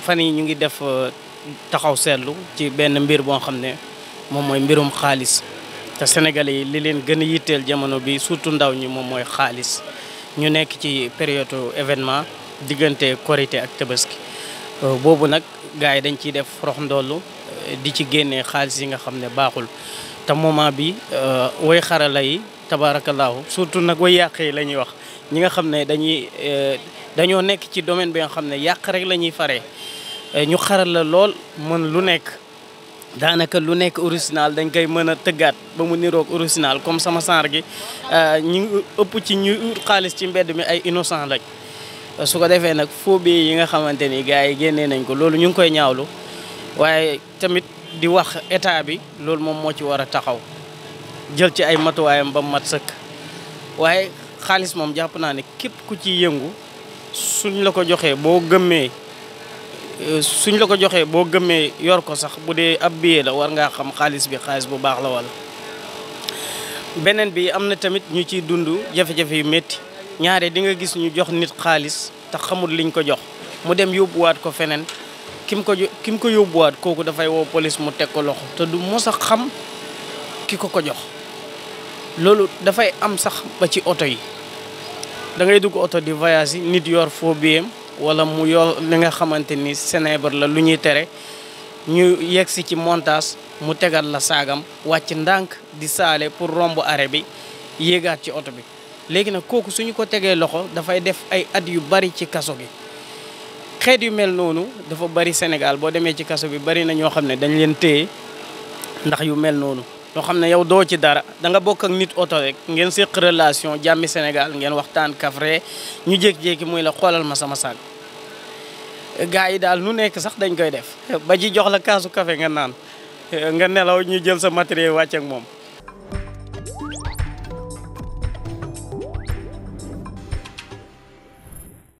fan yi ñu ngi def euh, taxaw seetlu ci benn mbir boo xam ne moom mooy mbirum xaalis te Sénégalais yi li leen gën a yitteel jamono bi surtout ndaw ñi moom mooy xaalis ñu nekk ci période événement diggante korité ak tabaski Euh, boobu nag gars yi dañ ciy def rox ndollu euh, di ci génnee xaalis yi nga xam ne baaxul te moment bi euh, way xarala yi tabaarakallaahu surtout nag way yàq yi la ñuy wax ñi nga xam ne dañuy dañoo nekk ci domaine bi nga xam ne yàq rek la ñuy faree ñu xarala lool mën lu nekk daanaka lu nekk original dañ koy mën a tëggaat ba mu niroog original comme sama genre gi ñi ëpp ci ñu xaalis ci mbedd mi ay innocent lañ su ko defee nag foo phobie yi nga xamante ni gars yi génnee nañ ko loolu ñu ngi koy ñaawlu waaye tamit di wax état bi loolu moom moo ci war a taxaw jël ci ay matuwaayam ba mat sëkk waaye xaalis moom jàpp naa ne képp ku ci yëngu suñ la ko joxee boo gëmmee euh, suñ la ko joxee boo gëmmee yor ko sax bu dee ab billet la war ngaa xam xaalis bi xaalis bu baax la walla beneen bi am na tamit ñu ciy dund jafe-jafe yu metti ñaare di nga gis ñu jox nit xaalis te xamul liñ ko jox mu dem yóbbuwaat ko feneen kim ko ki mu ko yóbbuwaat kooku dafay woo police mu teg ko loxo te du mos a xam ki ko ko jox loolu dafay am sax ba ci oto yi dangay ngay dugg oto di voyage yi nit yor foo biem wala mu yor li nga xamante ni sénébar la lu ñuy tere ñu yegg si ci montage mu tegal la saagam wàcc ndànk di saale pour romb arrêt bi yéegaat ci oto bi léegi nag kooku su ñu ko tegee loxo dafay def ay at yu bari ci kaso gi xeet yu mel noonu dafa bari Sénégal boo demee ci kaso bi bari na ñoo xam ne dañ leen téye ndax yu mel noonu yoo xam ne yow doo ci dara da nga bokk ak nit oto rek ngeen séq relation jàmmi Sénégal ngeen waxtaan kafre ñu jékki-jékki muy la xoolal ma sama saag gars yi daal nu nekk sax dañ koy def ba ji jox la kaasu kafe nga naan nga nelaw ñu jël sa matériel wàcc moom